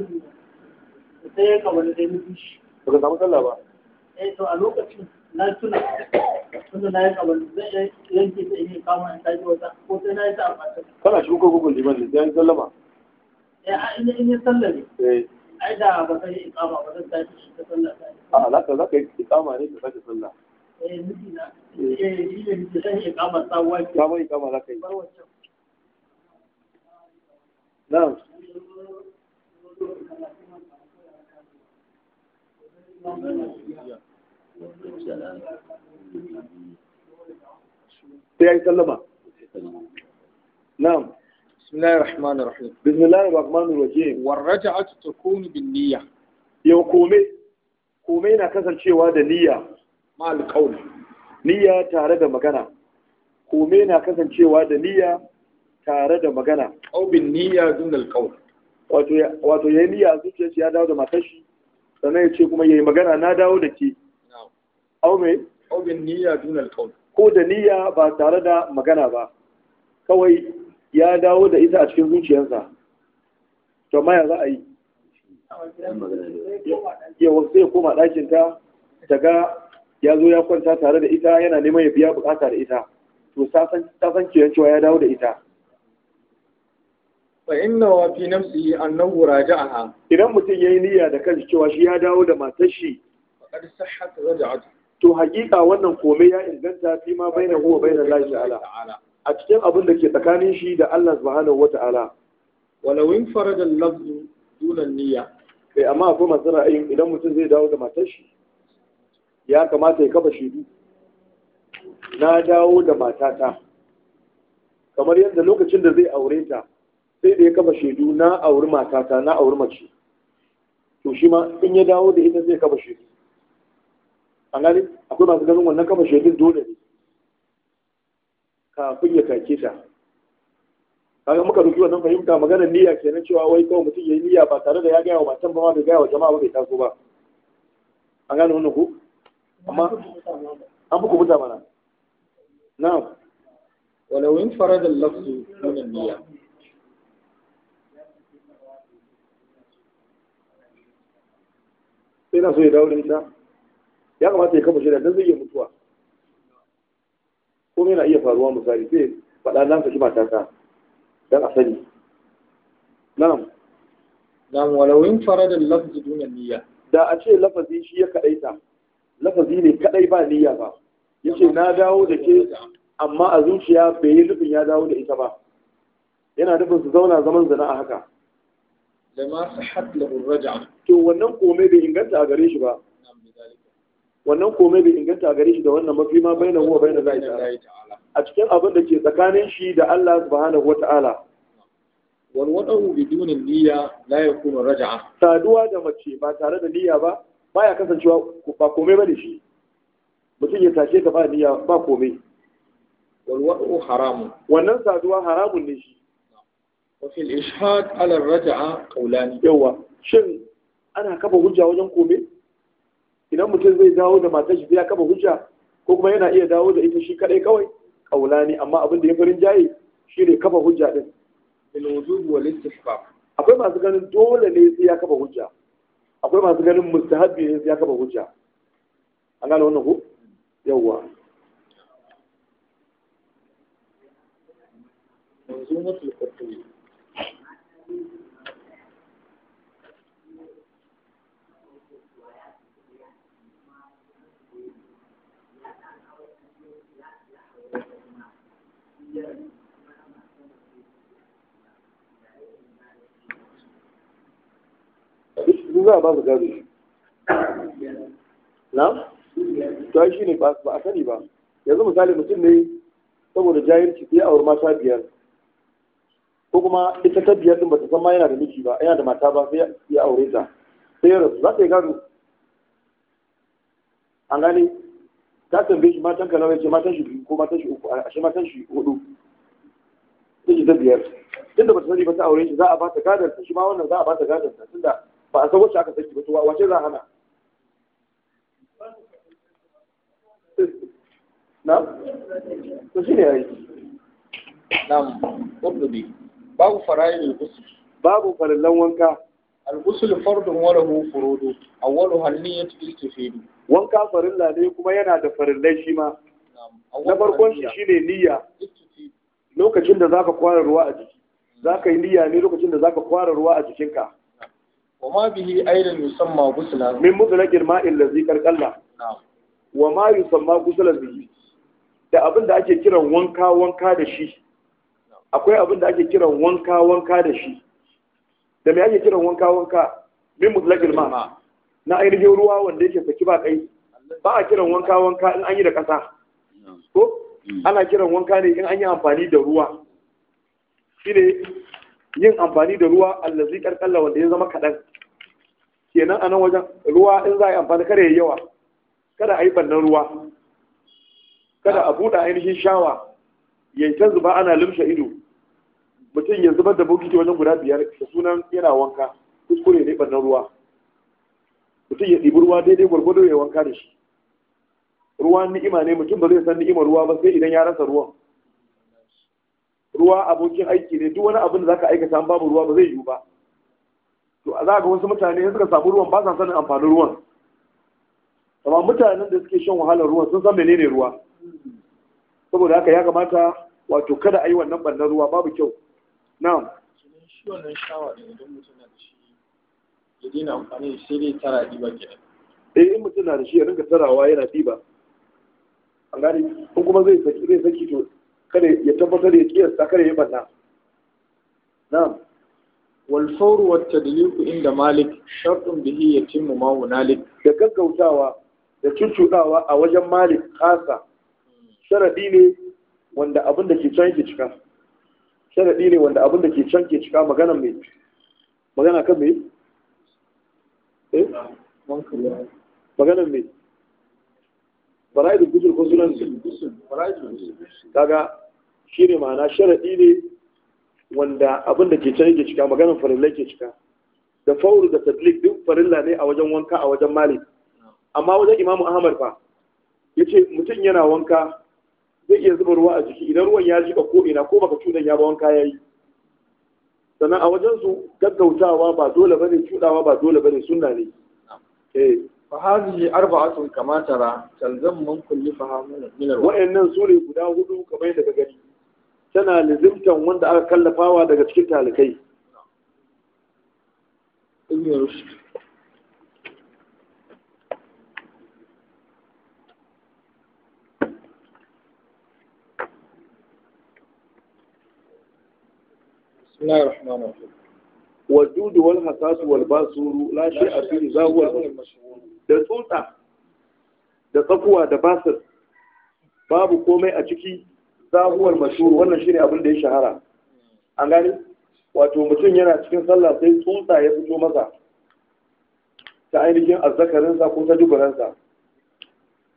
sai ya kamar dai mutum shi ba ka samu sallah ba eh to a lokacin na tuna tunda na yi kamar zai yanke ta in kama in tashi wata ko sai na yi ta amfani kana shi ko gugun liman ne sai an sallama eh a in in ya sallame eh ai da ba ka yi ikama ba zan tafi shi ta sallah a zaka zaka yi ikama ne ka tashi sallah eh miji na eh shi ne miji sai ikama sabuwa ke kama ikama ka yi na'am sai a yi sallama na'am bismillahir rahmanir rahim bismillahir rahmanir rahim warraja'atu takunu bin yau kome kome na kasancewa da niyya ma alqaul niyya tare da magana kome na kasancewa da niyya tare da magana au bin niyya dun wato wato yayin niyya zuciyarsa ya dawo da matashi sannan ya ce kuma ya yi magana na dawo da ke au ko da niyya ba tare da magana ba kawai ya dawo da ita a cikin zuciyarsa to ma za a yi yawa sai ya koma ɗakinta ta ga ya zo ya kwanta tare da ita yana neman ya biya bukata da ita to ta san cewa ya dawo da ita fa inna fi nafsihi annahu raja'aha idan mutum yayi niyya da kansa cewa shi ya dawo da matar shi to hakika wannan komai ya inganta fi ma baina huwa baina Allah ta'ala a cikin abin da ke tsakanin shi da Allah subhanahu wa ta'ala walau in farada al-lafzu duna niyya kai eh, amma akwai masu ra'ayin idan mutum zai dawo da matar shi ya kamata ya kafa shaidu na dawo da matata kamar yadda lokacin da zai aure ta sai da ya kafa shaidu na auri matata na auri mace to shi ma in ya dawo da ita zai kafa shaidu an gani akwai masu ganin wannan kafa shaidu dole ne kafin ya kake ta kaga muka dauki wannan fahimta maganar niyya kenan cewa wai kawai mutum yayi niyya ba tare da ya gaya wa matan ba ma bai gaya wa jama'a ba bai taso ba an gane wannan ku amma an fi kubuta mana na'am walau in farada lafzu min niyya sai na so ya dawo da ita ya kamata ya kafa shirya don zai iya mutuwa ko na iya faruwa misali sai faɗa nan saki matata don a sani na'am na'am walawin faradin lafazi duniya niyya da a ce lafazi shi ya kaɗaita lafazi ne kaɗai ba niyya ba yace na dawo da ke amma a zuciya bai yi nufin ya dawo da ita ba yana nufin su zauna zaman zana a haka lama sahat lahu raja'a to wannan komai bai inganta a gare shi ba wannan komai bai inganta a gare shi da wannan mafi ma baina huwa baina Allah ta'ala a cikin abin da ke tsakanin shi da Allah subhanahu wata'ala wal wada'u bidun niyya la yakunu a? saduwa da mace ba tare da niyya ba baya kasancewa ba komai da shi mutum ya tashe ka ba niyya ba komai wal wada'u haramun wannan saduwa haramun ne shi وفي الإشهاد على الرجعة قولان يوا شن أنا كبا هجة وجن كومي idan mutum zai dawo da matar shi ya kafa hujja ko kuma yana iya dawo da ita shi kadai kawai kaula amma abin da ya farin jaye shi ne kafa hujja din bil wujub wal istihbab akwai masu ganin dole ne sai ya kafa hujja akwai masu ganin mustahabbi ne sai ya kafa hujja an gane wannan ko yawwa manzumatul qurtubi za a ba su gado na to shi ne ba a sani ba yanzu misali mutum ne saboda jahilci sai wurin mata biyar ko kuma ita ta biyar din ta san ma yana da miji ba yana da mata ba sai ya aure ta sai ya rasu za ta yi gado an gane ta tambaye shi matan ka nawa ce matan shi biyu ko matan shi uku a shi matan shi hudu sai ta biyar tunda ta sani ba ta aure shi za a ba ta gadon ta shi ma wannan za a ba ta gadon ta tunda ba a san wacce aka saki ba to wace za a hana na to ya yi na qurbi babu fara'il ghusl babu farallan wanka al wani hukurodo A wani hannun ya ci ilke istifidu wanka farilla ne kuma yana da farillai shi ma na farkon shi ne niyya lokacin da za kwara ruwa a jiki ka yi niyya ne lokacin da zaka kwara ruwa a jikinka وما به أيضا يسمى غسلا من مثل الماء الذي قلقلنا نعم وما يسمى غسلا به da abin da ake kiran wanka wanka da shi akwai abin da ake kiran wanka wanka da shi da me ake kiran wanka wanka min mutlaqil ma na ainihin ruwa wanda yake saki ba kai ba a kiran wanka wanka in an yi da kasa ko mm. ana kiran wanka ne in an yi amfani da ruwa shine yin amfani da ruwa allazi karkalla wanda ya zama kaɗan kenan a wajen ruwa in za a yi amfani kada ya yawa kada a yi bannan ruwa kada a buɗe ainihin shawa ya ta zuba ana limsha ido mutum ya zubar da bokiti wajen guda biyar da sunan yana wanka kuskure ne bannan ruwa mutum ya ɗibi ruwa daidai gwargwado ya wanka da shi ruwa ni'ima ne mutum ba zai san ni'imar ruwa ba sai idan ya rasa ruwan ruwa abokin aiki ne duk wani abin da zaka aikata an babu ruwa ba zai yiwu ba to za ga wasu mutane in suka samu ruwan ba sa sanin amfanin ruwan amma mutanen da suke shan wahalar ruwan sun san menene ruwa saboda haka ya kamata wato kada a yi wannan ɓannan ruwa babu kyau na'am shi wannan shawa ne idan mutum na da shi ya daina amfani da sai dai tara diba kenan eh in mutum na da shi ya rinka tarawa yana diba an gane in kuma zai saki zai saki to kare ya tabbatar da ya kiyasta kare ya banna na'am wal fawr wa tadliq inda malik shartun bihi yatimmu ma hunalik da gaggautawa da cuccudawa a wajen malik khasa sharadi ne wanda abin da ke can ke cika sharadi ne wanda abin da ke can ke cika magana mai magana kan mai eh magana mai gudun su, fara'idul gusur ko su, kaga shi ne ma'ana sharaɗi ne wanda abin da ke can yake cika maganar farilla ke cika da fauru da tatlik duk farilla ne a wajen wanka a wajen malik amma wajen imamu ahmad fa ya ce mutum yana wanka zai iya zuba ruwa a jiki idan ruwan ya jika ko ina ko baka cuɗan ya ba wanka ya yi sannan a wajen su gaggautawa ba dole bane cuɗawa ba dole bane sunna ne eh fa hadhihi arba'atun kama tara talzam min kulli fahamin min alwa wa'annan guda hudu kamar daga gari. tana lizimtan wanda aka kallafawa daga cikin talikai والدود والحساس والباسور لا شيء فيه ذا هو da tsutsa da tsakuwa da basir babu komai a ciki zahuwar mashur wannan shine abin da ya shahara an gani wato mutum yana cikin sallah sai tsutsa ya fito masa ta ainihin azzakarinsa ko ta dubaransa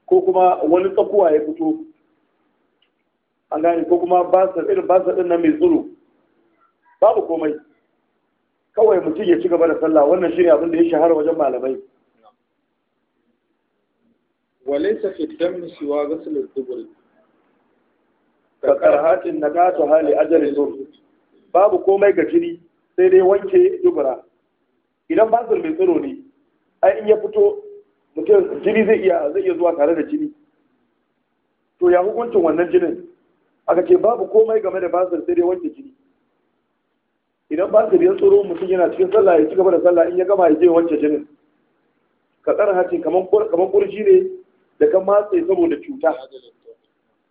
ko kuma wani tsakuwa ya fito an gani ko kuma basa irin basa din nan mai tsuru babu komai kawai mutum ya ci gaba da sallah wannan shine abin da ya shahara wajen malamai وليس في الدم سوى غسل الدبر ka karhatin na gato hali ajali sun babu komai ga jini sai dai wanke dubura idan basir mai tsaro ne ai in ya fito mutum jini zai iya zai iya zuwa tare da jini to ya hukuncin wannan jinin aka ce babu komai game da basir sai dai wanke jini idan basir ya tsoro mutum yana cikin sallah ya ci gaba da sallah in ya gama ya je wanke jinin ka tsara hace kamar kurji ne da ka matse saboda cuta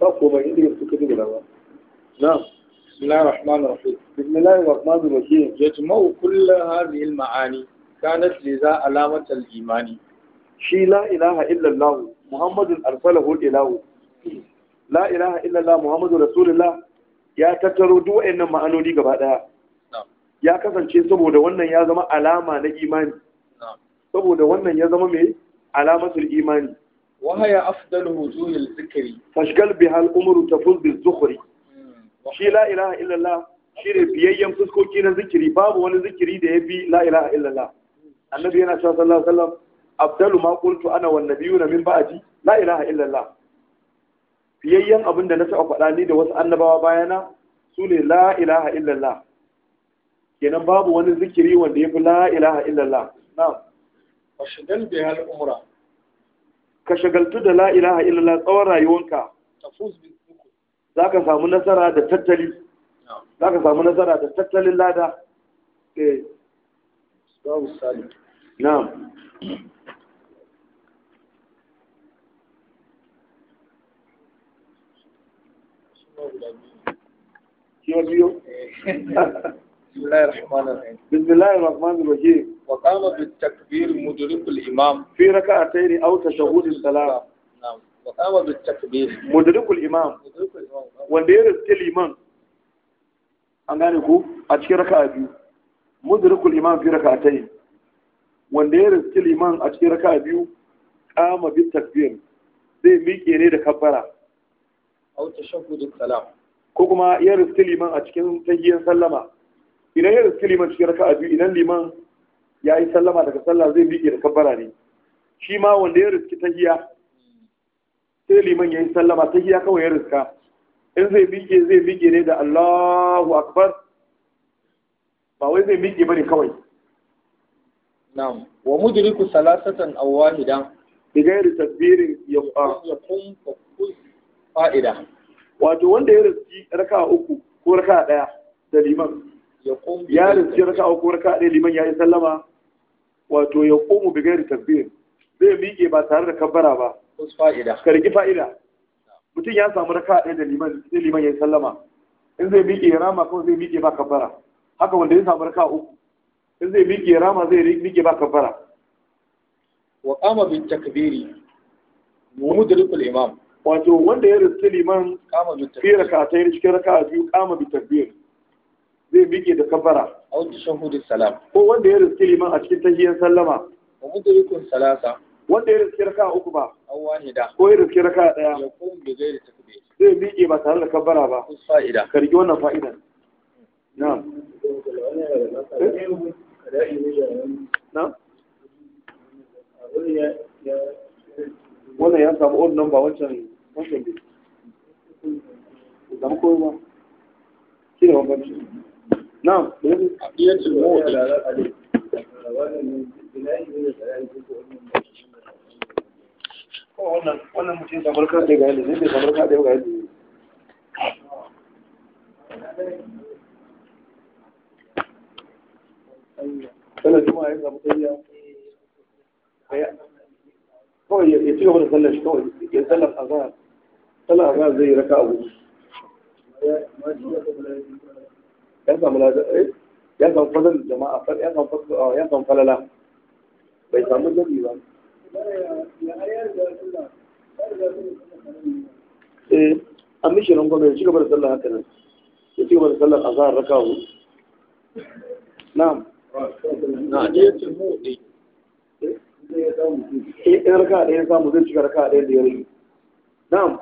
ba komai inda ya suka duba ba na bismillahir rahmanir rahim bismillahir rahmanir rahim yajma'u kull hadhihi al ma'ani kanat li za alamat al imani shi la ilaha illa allah muhammadun arsalahu ilahu la ilaha illa allah muhammadur rasulullah ya tattaro duk wayannan ma'anoni gaba daya ya kasance saboda wannan ya zama alama na imani saboda wannan ya zama mai alamatul imani وهي أفضل وجوه الذكر فاشغل بها الأمر تفوز بالزخري شي لا إله إلا الله شي بيين فسكوكي ذكري باب ولا ذكري ده يبي لا إله إلا الله النبي أنا صلى الله عليه وسلم أفضل ما قلت أنا والنبيون من بعدي لا إله إلا الله biyayyen abin da na taɓa faɗa ni da wasu annabawa bayana su ne la ilaha illallah kenan babu wani zikiri wanda ya fi la ilaha illallah na washigal bi hal umra ka shagaltu da la ilaha illallah tsawon rayuwanka za ka samu nasara da tattali za ka samu nasara da tattalin lada eh na'am Yo, yo. بسم الله الرحمن الرحيم بسم الله الرحمن الرحيم وقام بالتكبير مدرك الإمام في ركعتين أو تشهد السلام نعم وقام بالتكبير مدرك الإمام مدرك الإمام wanda ya riske liman an gane ku a cikin raka'a biyu mudrikul imam fi raka'atayn wanda ya riske liman a cikin biyu ko kuma ya riske liman a cikin tahiyyar sallama idan ya riske liman cikin raka'a biyu idan liman ya yi sallama daga sallah zai miƙe da kabbara ne shi ma wanda ya ta tahiya sai liman ya yi sallama tahiya kawai ya riska in zai miƙe zai miƙe ne da Allahu akbar ba wai zai miƙe bane kawai na'am wa mudriku salasatan aw wahidan bigayar tasbirin ya kun fa'ida wato wanda ya riski raka'a uku ko raka'a daya da liman ya rinci raka a ko raka ɗaya liman ya yi sallama wato ya komu bi gairi tabbiyar. zai miƙe ba tare da kabbara ba ka rigi fa'ida mutum ya samu raka ɗaya da liman liman ya yi sallama in zai miƙe rama kuma zai miƙe ba kabbara haka wanda ya samu raka uku in zai miƙe rama zai miƙe ba kabbara wa qama bi takbiri mudrikul imam wato wanda ya rinci liman kama bi takbir fi rakatai cikin raka'a biyu kama bi takbir zai miƙe da kafara. kabbara aw tashahhudus salam ko wanda ya riske liman a cikin tahiyyar sallama wa mudrikun salasa wanda ya riske raka uku ba aw wahida ko ya riske raka daya ya kun bi gairi takbir zai miƙe ba tare da kafara ba fa'ida karki wannan fa'idan na'am na'am wannan ya samu nan ba wancan wancan bai samu kowa ba shi da bambanci نعم عقيدة الموضع wannan mutum kamar kan daga yanzu ne bai kamar kan daga yanzu sallar juma'a ya samu tayya kawai ya ci gaba da sallar shi kawai ya sallar azhar sallar azhar zai raka abu ya samu eh, ya samu fadal jama'a ya samu ah, ya samu falala bai samu zabi ba eh an mishi ran gwamnati ci gaba da sallah haka nan ya ci gaba da sallah sallar azhar raka'a na'am na niyatul mu'min eh, in raka ɗaya samu zai cika raka ɗaya da ya rage na'am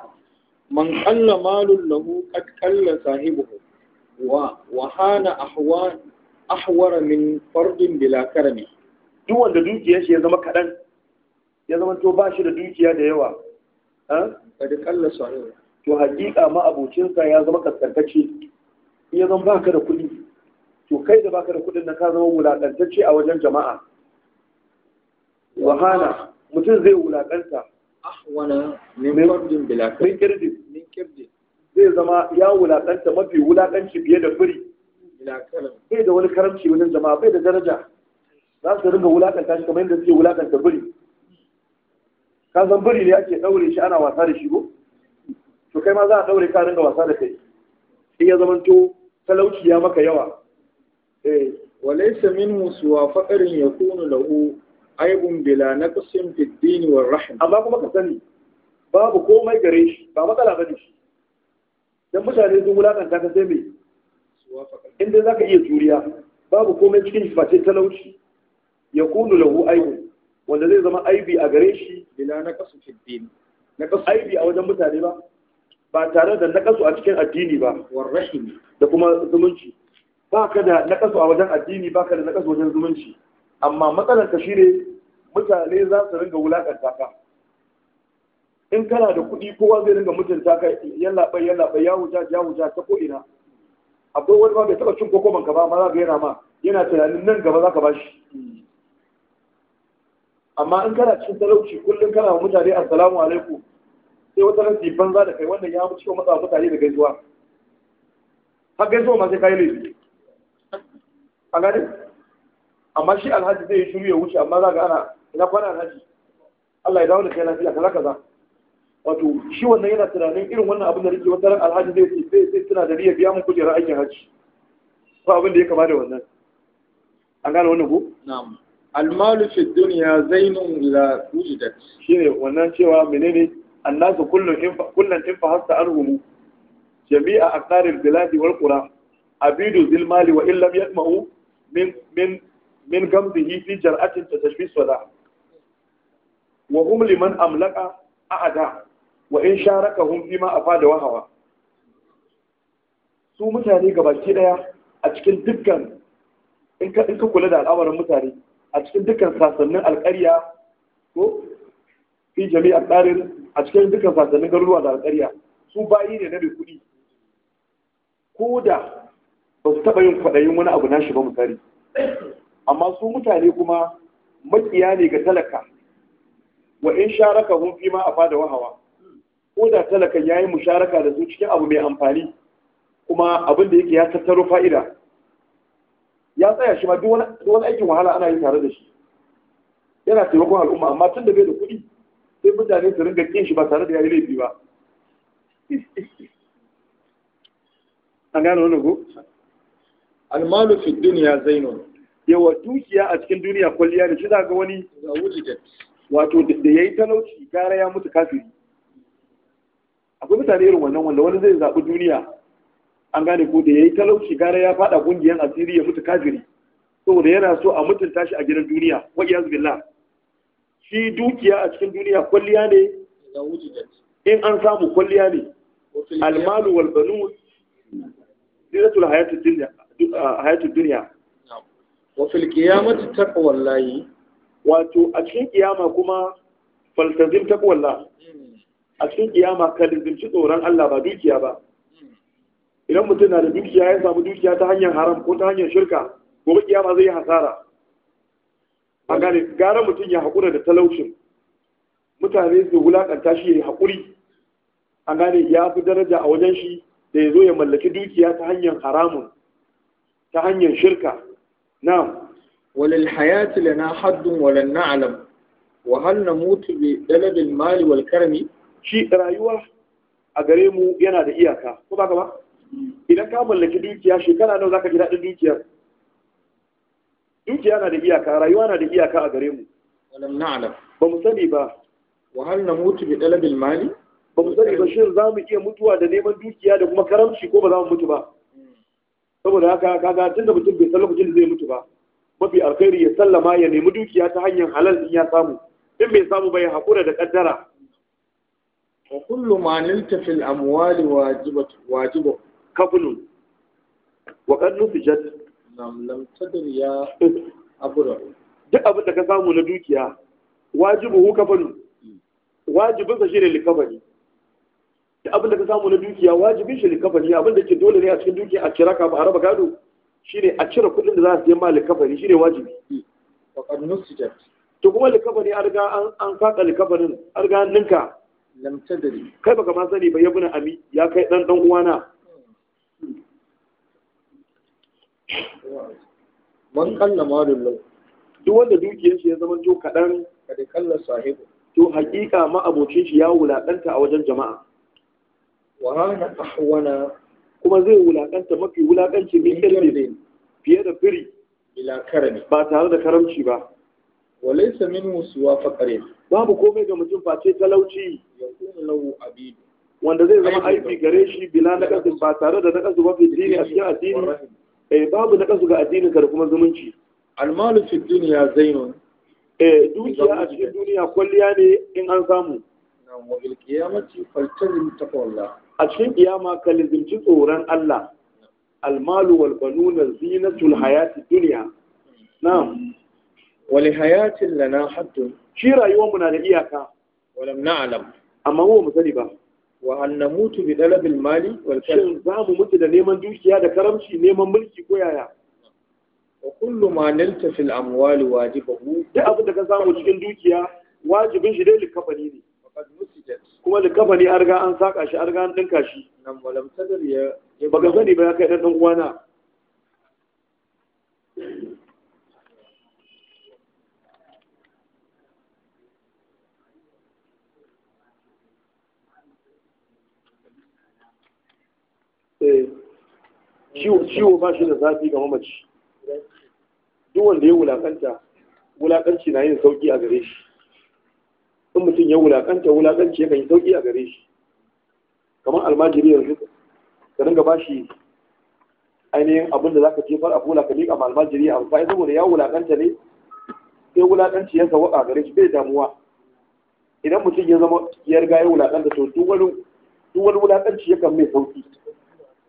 man qalla malun lahu qad qalla sahibuhu wa hana ahwara min fardin bila karami duk wanda dukiyar shi ya zama kaɗan ya zama to ba shi da dukiya da yawa ba eh? da kalla to hakika ma abokinsa ya zama kaskantacce ya zama baka da kuɗi to kai da baka da kuɗin na ka zama wulaƙantacce a wajen jama'a wahana mutum zai wulaƙanta ahwana min fardin bila karami min kirdin zai zama ya wulaƙanta mafi wulaƙanci fiye da firi bai da wani karamci wajen zama bai da daraja za su ringa wulaƙanta shi kamar yadda suke wulaƙanta biri ka san biri ne ake ɗaure shi ana wasa da shi ko to kai ma za a ɗaure ka ringa wasa da kai in ya to talauci ya maka yawa eh walaysa minhu suwa faqrin yakunu lahu aibun bila naqsin fid din war rahim amma kuma ka sani babu komai gare shi ba matsala bane shi dan mutane sun wulakanta ka sai mai inda ka iya juriya babu komai cikin face talauci ya kunu lahu aibu wanda zai zama aibi a gare shi bila kasu fi Na kasu aibi a wajen mutane ba ba tare da kasu a cikin addini ba warrahim da kuma zumunci ba ka da kasu a wajen addini ba ka da kasu wajen zumunci amma matsalar ka ne mutane za su ringa wulakanta ka in kana da kuɗi kowa zai ringa mutunta ka yalla bai yalla bai ya wuja, ya wuja, ta ko ina akwai wani ma bai taɓa cin kokoman ka ba amma za ka yana ma yana tunanin nan gaba za ka ba shi amma in kana cikin talauci kullum kana wa mutane assalamu alaikum sai wata nan su banza da kai wannan ya mutu matsa mutane da gaisuwa har gaisuwa ma sai kai laifi a gani amma shi alhaji zai yi shiru ya wuce amma za ga ana ina kwana alhaji Allah ya dawo da kai lafiya kaza kaza wato shi wannan yana tunanin irin wannan abin da nake wata ran alhaji zai zai zai suna da riya biya mun kujerar aikin hajji ko abin da ya kama da wannan an gane wannan ko na'am almalu fi dunya zainun ila wujidat shine wannan cewa menene annasu kullun in kullun in fa hasta arhumu jami'a aqaril biladi wal qura abidu zil mali wa illam yasma'u min min min gamdihi fi jar'atin tatashbis wala wa hum liman amlaka a'ada wa in sharakahum fi ma afada wahawa su mutane gabaki daya a cikin dukkan in ka in ka kula da al'amarin mutane a cikin dukkan sasannin alƙarya ko fi jami'ar tsarin a cikin dukkan sasannin garuruwa da alƙarya su bayi ne na da kuɗi ko da ba su taɓa yin kwaɗayin wani abu nashi ba mutane amma su mutane kuma makiya ne ga talaka wa in sharaka hun fi ma a fada wahawa ko da talakan ya yi musharaka da su cikin abu mai amfani kuma abin da yake ya tattaro fa'ida ya tsaya shi ma duk wani aikin wahala ana yi tare da shi yana taimakon al'umma amma tun da bai da kuɗi sai mutane su ringa kin shi ba tare da ya yi laifi ba an gano wani ko almalu fi duniya zainun yawa dukiya a cikin duniya kwalliya da shi za ga wani wato da ya yi talauci gara ya mutu kafiri akwai mutane irin wannan wanda wani zai zaɓi duniya an gane ko da yayi talauci gara ya faɗa ƙungiyar asiri ya mutu kafiri saboda yana so a mutunta shi a gidan duniya wa iyaz billah shi dukiya a cikin duniya kwalliya ne in an samu kwalliya ne almalu wal zai zinatul hayatud dunya hayatud dunya wa fil qiyamati taqwallahi wato a cikin kiyama kuma faltazim taqwallah a cikin kiyama ka lizinci tsoron Allah ba dukiya ba idan mutum na da dukiya ya samu dukiya ta hanyar haram ko ta hanyar shirka gobe kiyama zai yi hasara a gane gara mutum ya haƙura da talaucin mutane su wulaƙanta shi ya yi haƙuri a gane ya fi daraja a wajen shi da ya zo ya mallaki dukiya ta hanyar haramun ta hanyar shirka na walil hayati lana haddun walan na'alam. wa hal namutu bi dalabil mali wal karami shi rayuwa a gare mu yana da iyaka ko ba ka ba idan ka mallaki dukiya shekara nawa zaka ji daɗin dukiyar dukiya na da iyaka rayuwa na da iyaka a gare mu walam na'lam ba mu sani ba wa hal namutu bi talabil mali ba mu sani ba shi za mu iya mutuwa da neman dukiya da kuma karamci ko ba za mu mutu ba saboda haka kaga tunda mutum bai san lokacin da zai mutu ba mafi alkhairi ya sallama ya nemi dukiya ta hanyar halal din ya samu in bai samu ba ya haƙura da kaddara wa ما نلت في الأموال واجبة واجبة wajibu kabulu wa qad nufijat nam lam tadri ya abura duk abin ka samu na dukiya wajibu hu kafalu abin da ka samu na dukiya wajibin shi likabari abin da ke dole ne a cikin dukiya a kira ka a raba gado a cire kuɗin da za su yi ma wajibi an riga an saka likabarin ninka lam tadri kai baka ma sani ba yabuna ami ya kai dan dan uwana man kalla malullahu duk wanda dukiyar shi ya zama to kadan kada kalla sahibu to hakika ma abocin shi ya wulakanta a wajen jama'a wa hana ahwana kuma zai wulakanta mafi wulakanci min kirbe fiye da firi ba tare da karamci ba walaysa minhu suwa faqrin babu komai ga mutum face talauci yakunu lahu abidu wanda zai zama aibi gare shi bila na kasu ba tare da nakasu ba fi a cikin addini eh babu nakasu ga addinin ka kuma zumunci almalu fi dunya zainun eh dukiya a cikin duniya kwalliya ne in an samu nan wa bil qiyamati faltazim taqwallah a cikin kiyama ka lizimci tsoron Allah almalu wal banuna zinatul hayati dunya na'am wali hayatin lana haddun shi rayuwarmu mu na da iyaka walam na'alam. amma mu mu sani ba wa hannun mutu bi talabil mali wal shin za mu mutu da neman dukiya da karamci neman mulki ko yaya wa kullu ma nalta fil amwali wajibahu da abin da ka samu cikin dukiya wajibin shi dai likafani ne kuma likafani an riga an saka shi an riga an dinka shi nan walam tadar ya baka sani ba ya kai dan uwana Eh, ciwo ba shi da zafi ga mamaci duk wanda ya wulakanta wulakanci na yin sauki a gare shi in mutum ya wulakanta wulakanci yakan yi sauki a gare shi kamar almajiri yanzu ka dinga ba shi ainihin abin da za ka jefar a fula ka liƙa ma almajiri a amfani saboda ya wulakanta ne sai wulakanci ya sawa a gare shi bai damuwa idan mutum ya zama ya riga ya wulakanta to duk wani wulakanci yakan mai sauki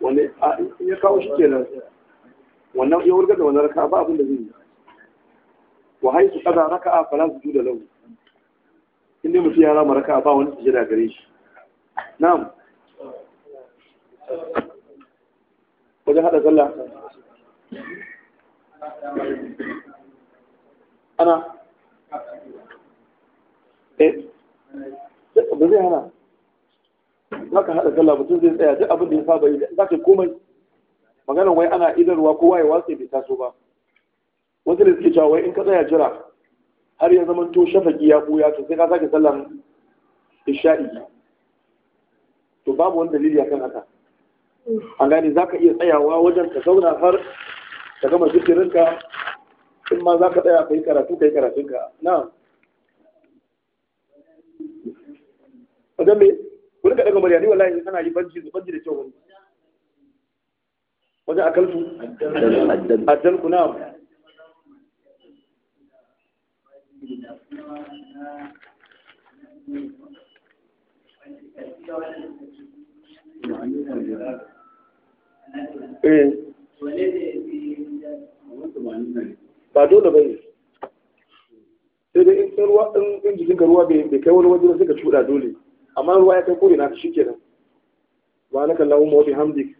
wanda ya kawo shi kenan wannan ya wurga da wannan raka ba abin da zai yi wa haisu kaza raka'a fala sujuda lau? in dai mutum ya rama raka'a ba wani sujada gare shi na'am wajen hada sallah ana eh ba zai hana za ka haɗa sallah mutum zai tsaya duk abin da ya saba yi za ka komai maganar wai ana idarwa kowa ya watsa bai taso ba wasu da suke cewa wai in ka tsaya jira har ya zama to shafaki ya buya to sai ka sake sallan isha'i to babu wani dalili kan haka an gane za ka iya tsayawa wajen ka zauna har ka gama jikirinka, in ma za ka tsaya ka yi karatu ka yi karatunka na'am wajen kun ka daga murya ni wallahi ana yi banji banji da kyau wani wajen akaltu addal ku na'am eh. ba dole ba ne sai dai in ruwa in jikinka ruwa bai kai wani waje sai ka cuɗa dole amma ruwa ya kai ko ina shi kenan wa anaka allahumma wa bihamdik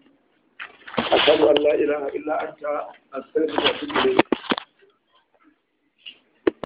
ashhadu an la ilaha illa anta astaghfiruka wa atubu ilayk